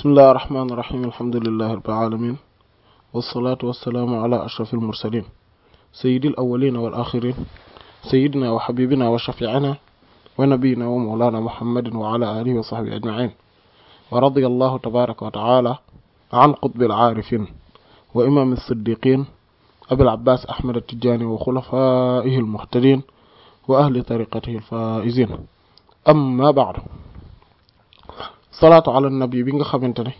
bismillahi rahmaani rahiim alhamdulillahi rabbil aalamiin wasalaatu wasalaamu ala ashrafil mursaliin sayyidil awwaliina wal aaxiriin sayyidinaa wa xabiibinaa wa shafiicinaa wa nabiyyinaa wa mawlaanaa muhammadin wa ala aalihi wa saxbihi ajmaciin wa radiya allahu tabaaraka wa tacaala can qutbil caarifiin wa imaami siddiqiin abil abbaas axmed attijaani wa xulafaa'ihi almuhtadiin wa ahli tariiqatihi alfaa'iziin amma bacdu salaatu ala nabi bi nga xamante ne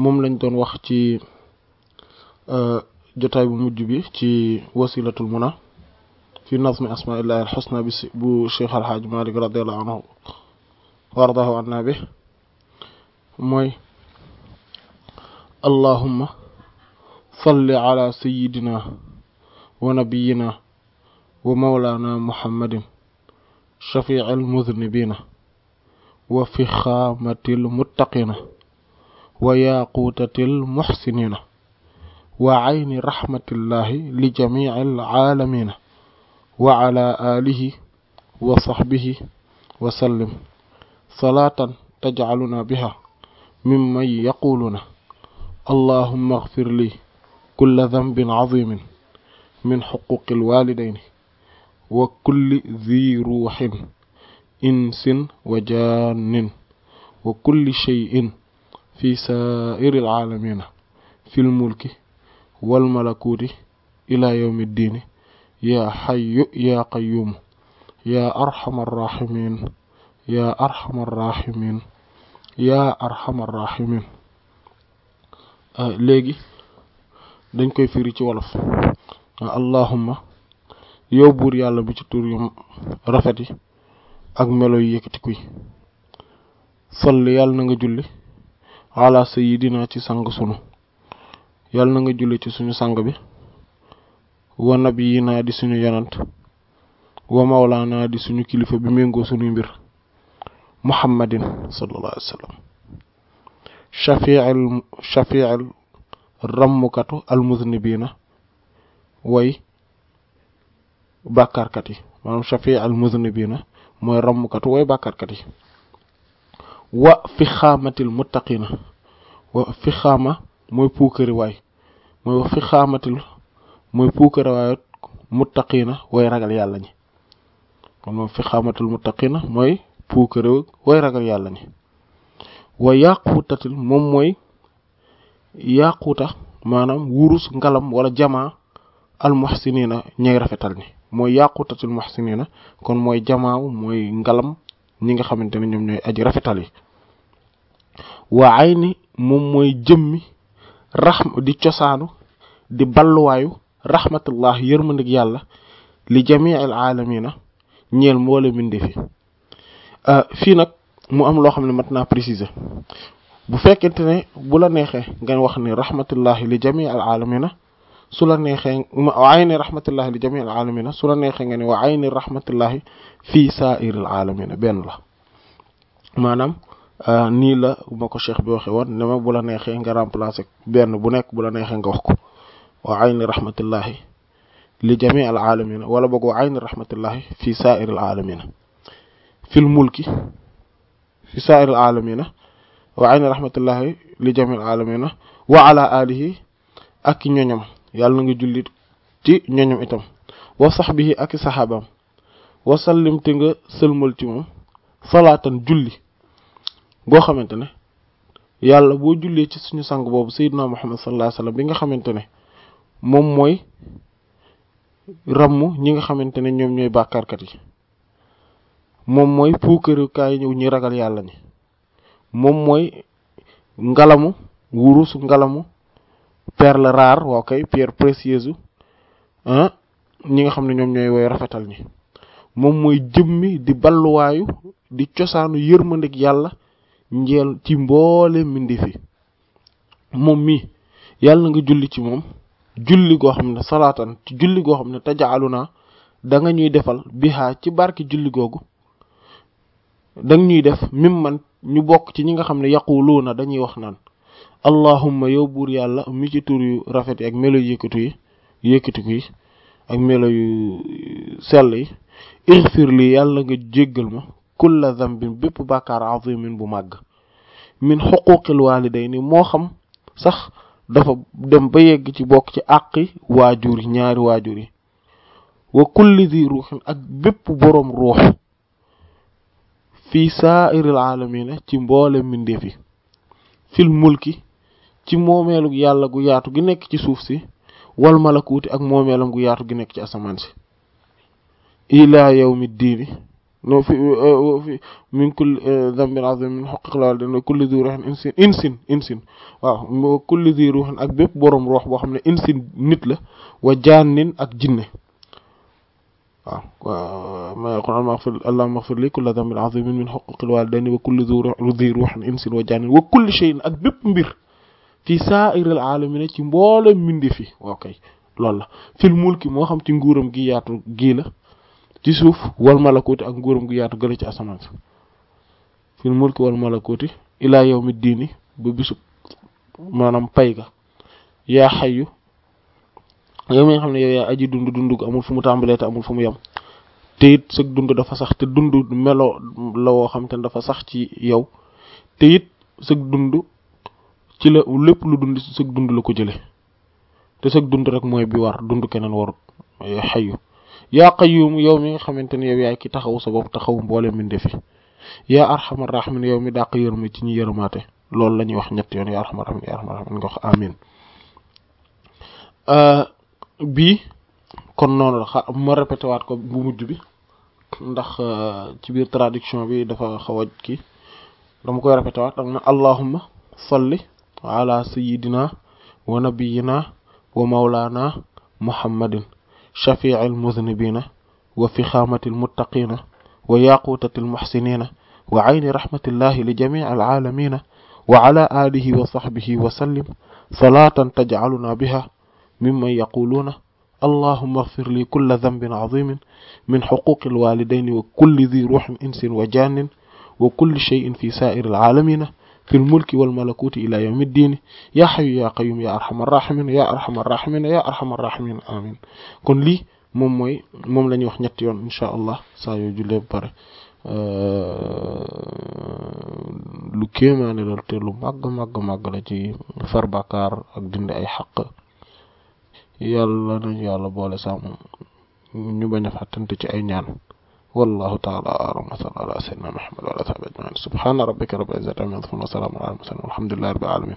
moom lañ doon wax ci euh, jotaay bu mujj bi ci wasilatul muna fi nazmi asmaillahi alxusna bi bu cheikh alxaaj malik radiallahu anhu wardahu anna bi mooy allahumma salli ala sayidina wa nabiyina wa mawlana muhammadin shafi'il muznibina wa fixaamatil muttaqina wa yaaquutatil muxsinina wa ayni raxmatillahi li jamii alaalamina wa ala alihi wa saxbihi wa sallim salaatan tajcaluna biha mimman yaquluna allahumma agfir li kulla dambin azimin min xuquqi alwalidayni wa kulli zi ruuxin insin wa jannin wa kulli shay'in fi sa'iril alamina fil mulki wal malakuti ila yawmi ddini ya hayyu ya qayyum ya arhamar rahimin ya arhamar rahimin ya ah, léegi dañ koy firi ci wolof ah, allahumma yow buur yàlla bi ci tur yu rafet yi ak melo yu yëkkatikuy salli yàlla na nga julli ala sayidina ci sang sunu yàlla na nga julli ci suñu sang bi wa nabiyina di suñu yonant wa mawlaana di suñu kilifa bi méngoo sunuy mbir muhammadin sallallahu alayhi wa sallam shafiil shafiil way bàkkaarkat yi maanaam shafiil mooy rombukat woy bàkkaarkat yi wa fi xaamatil muttaqina wa fi xaama mooy puukari waay mooy wa fi xaamatil mooy puukari waay muttaqina way ragal yàlla ñi kon moom fi xaamatil muttaqina mooy puukari way ragal yàlla ñi wa yàquutatil moom mooy yàquuta maanaam wurus ngalam wala jamaa almuhsinina ñay rafetal ni mooy yàqutatul muhsinina kon mooy jamaaw mooy ngalam ñi nga xamante ne ñoom ñooy aji rafetali yi waa ay ni moom mooy jëmmi raxma di cosaanu di balluwaayu rahmatullah yërmandik yàlla li jamii al aalamina ñeel mboole mbindee fi euh, fii nag mu am loo xam ne mat naa préciser bu fekkente ne bu la neexee nga wax ni rahmatullahi li jamii al aalamina su la neexee wa ayni rahmatullahi li jamil alamina su neexee nga wa ayni rahmatullahi fii saairil alamina benn la maanaam euh, nii la ma ko cheikh bi waxe woon ne ma bu neexee nga remplacer benn bu nekk bula la neexee nga wax ko wa ayni rahmatullahi li jamil alamina wala boog wa ayni rahmatullahi fii saairil alamina fil mulki fi saairil alamina wa ayni rahmatullahi li jamil alamina wa ala alihi ak ñoñam yàlla na nga julli ci ñooñam itam sax bi ak i saxaabaam wasallim te nga sëlmal ci moom salaatan julli boo xamante ne yàlla boo jullee ci suñu sang boobu sayyidina muhammad sallallahu alayhi wasallam bi nga xamante ne moom mooy ramm ñi nga xamante ne ñoom ñooy bàkkaarkat yi moom mooy puukarukaay ñëw ñi ragal yàlla ñi moom mooy ngalamu wurusu ngalamu perle rare waaw kay pierre précieuse ah ñi nga xam ne ñoom ñooy woy rafetal ñi moom mooy jëmmi di balluwaayu di cosaanu yërmandik yàlla njeel ci mboole mbindi fi moom mii yàlla nga julli ci moom julli goo xam ne salaatan ci julli goo xam ne tajaalu naa da nga ñuy defal bihaa ci barki julli googu da ñuy def mim man ñu bokk ci ñi nga xam ne na dañuy wax naan allahumma yow buur yàlla mi ci tur yu rafet yi ak melo yu yëkkatu yi ak melo yu sell yi ixfir li yàlla nga jéggal ma kulla zambin bépp bàkkaar azimin bu màgg min xuquqil waaliday ni moo xam sax dafa dem ba yegg ci bokk ci àqi waajur yi ñaari waajur yi wa kulli zi ruuxin ak bépp boroom ruux fii saairil aalamina ci mboole mbindeef yi fil mulki ci moomeelu yàlla gu yaatu gi nekk ci suuf si wal malakuuti ak moomeelam gu yaatu gi nekk ci asamaan si ilaa yawmi diini no eh, eh, fi min kulli eh, dambin ruuxin insin insin insin waaw kulli di ruuxin ak bépp borom roox boo xam ne insin nit la wa ak jinne waaw ma quraan maghfir allahumma ighfir ruuxin insin wa jannin wa ak bépp mbir fi saa'iril aalamiina ci mboole mbindi fi ok lool la fil mulki moo xam ci nguuram gi yaatu gii la ci suuf wal malakuuti ak nguuram gi yaatu gëla ci asamaan si fil mulki wal malakuuti ilaa yawmi diini ba bisu maanaam pay ga yaa xayu yow mi nga xam ne yow yaa aji dund dund gu amul fu mu tàmbalee te amul fu mu yem te it sag dund dafa sax te dund melo la woo xam te dafa sax ci yow te it sag dund ci la lépp lu dund ci sag dund la ko jële te sag dund rek mooy bi war dund keneen warut xayu yaa qayyum yow mi nga xamante ne yow yaay ki taxaw sa bopp taxaw mboole minde fi yaa arhamar mi dàq yërma ci ñi yërmaate loolu la ñuy wax ñett yoon yaa arhamar rahimin yaa arhamar rahimin nga wax amin euh, bii kon noonu la xa ma répété ko bu mujj bi ndax euh, ci biir traduction bi dafa xaw a kii dama koy répété waat am na allahumma wa ala sayidina wa nabiyina wa mawlana muhammadin shafi'il muznibina wa fikhamatil muttaqina wa yaqutatil muhsinina wa ayni rahmatillahi li jami'il alamina wa ala alihi wa sahbihi wa sallim salatan taj'aluna biha mimman yaquluna allahumma ighfir li kulla dhanbin 'azimin min huquqil walidayni wa kulli dhi ruhin insin wa jannin wa kulli shay'in fi sa'iril alamina fil mulki wal malakuti ila yawmi diini yaa xayu yaa qayum yaa arhamar rahimin yaa arhamar rahimin amin kon lii moom mooy moom la ñuy wax ñetti yoon incha allah saa yoo jullee ba pare euh, lu kéemaane loolu te lu màgg màgg màgg la ci far bàkkaar ak dindi ay xaq yàlla nañu yàlla boole sàmm ñu bañ a fàttante ci ay ñaan والله تعالى أعلم وصلى على سيدنا محمد وعلى آله وصحبه أجمعين سبحان ربك رب العزة عما يصفون وسلام على المرسلين والحمد لله رب العالمين